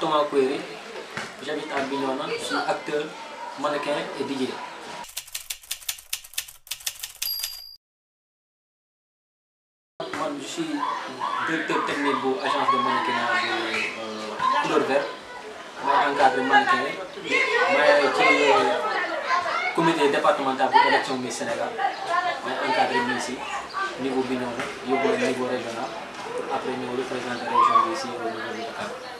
Thomas Kouéré, j'habite à Bignona, je suis acteur, mannequin et DJ. Je suis directeur technique de l'agence de mannequinage euh, de couleur verte. Je encadre mannequin. Je euh, suis pour l'élection du Sénégal. Je encadre ici, niveau Bignona, niveau régional. Après, nous représentons la région ici au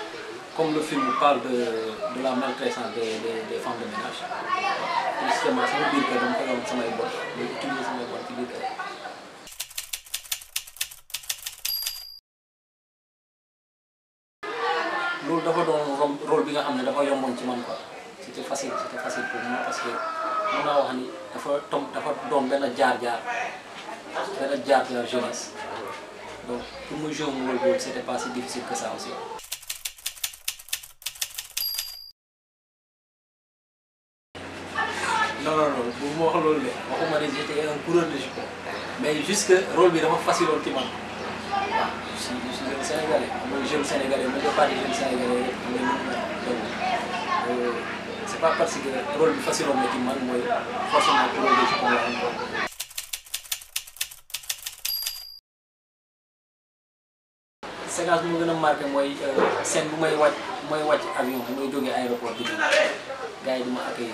comme le film parle de, de la maltraitance des, des, des femmes de ménage, système sama biir kër dama ko doon samay bon mais utiliser samay bon qui dit. kër. loolu dafa doon rôle bi nga xam dafa yomboon ci man quoi c'était facile c'était facile pour moi parce que mon naa wax ni dafa tom dafa doon benn jaar-jaar benn jaar-jaar jeunesse donc pour mu jouer rôle c'était pas si difficile que ça aussi. boobu ma wax loolu de waxuma ne bi dama facile ma nga parle am nañu donc c' est que rôle bi facile woon na ci man mooy forcément coureur de jupon la am séquence bi ma gën a marqué mooy euh, scène bu may wàcc mooy wàcc avion bu may jógee aéroport bi gars yi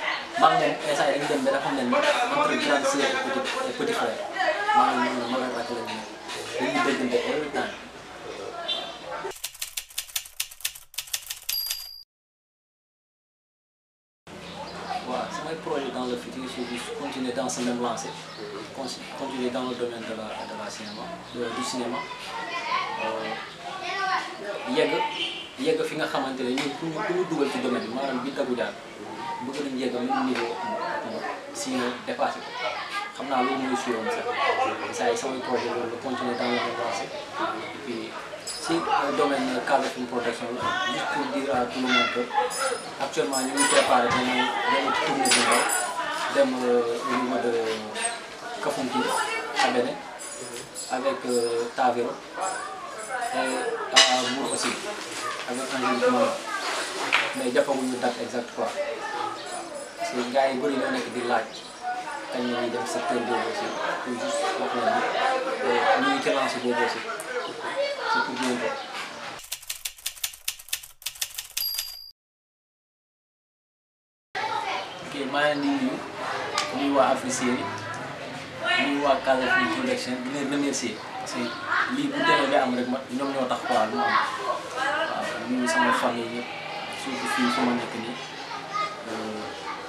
maa xam ne entre grande sœur et samay projet dans le futur c'est continuer dans ce même continuer dans le domaine de la de du cinéma euh, yegg yegg fi nga xamante ne ñun ku ñu ku ñu dugal ci domaine bi maanaam bi dagu jaar. bëgg nañ yegg même niveau si dépassé ko xam naa loolu mooy suyoon sax saa yi samay projet loolu continuer dans la lancé et si domaine cadre film protection la juste pour dire à tout le monde actuellement ñu préparé dañuy dem euh, au niveau de Kafountine à Bénin avec euh, Tavero et à Mbour aussi mais un jeu mais jàppaguñu date exacte parce que gars yi bëri na nekk di laaj kañ la ñuy dem secteur boobu aussi toujours euh, waa tax quoi am waaw sama famille yëpp fii su ma nekk nii. Euh,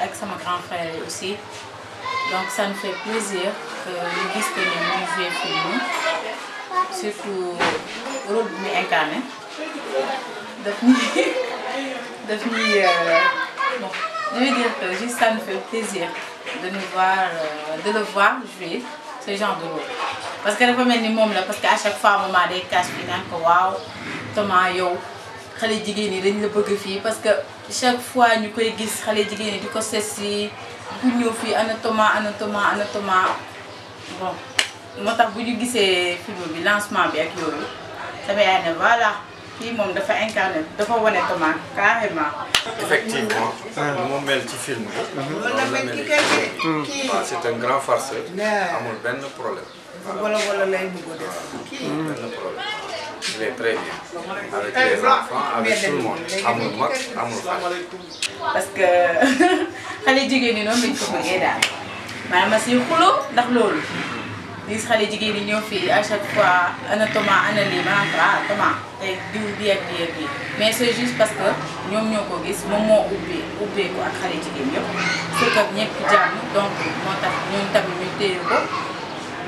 avec mon grand frère aussi. Donc ça me fait plaisir que nous disions que nous pour nous. Surtout le rôle de nous incarnons. Devenu, bon, je veux dire que ça me fait plaisir de nous voir, euh, de le voir jouer ce genre de rôle. Parce que le premier là parce qu'à chaque fois, maman a des caches que waouh, Thomas, xale jigéen ñi dañ la bëgg fi parce que chaque fois ñu koy gis xale jigéen ñi di ko ses bu ñëw fii anatoma anatoma anatoma bon moo tax bu ñu gisee film bi lancement bi ak yooyu sama yaay ne voilà kii moom dafa incarné dafa wane Thomas carrément. effectivement mu mel ci film bi. loolu mhm. la mel kii waaw ah, c'est un grand farceur. amul benn problème. wala wala lay bëgg a def kii benn problème. Eh, parce que xale jigéen ñi noonu lañ ko bëggee daal maanaam ma siy xulo ndax loolu. gis xale jigéen ñi ñëw fii à chaque fois ana Thomas ana lii maanaam ah Thomas tey diw bii ak mais c'est juste parce que ñoom ñoo ko gis moom moo ubbee ubbee ak xale jigéen yëpp fekk ak ñëpp jàmm donc moo tax ñun tamit ñu téye ko.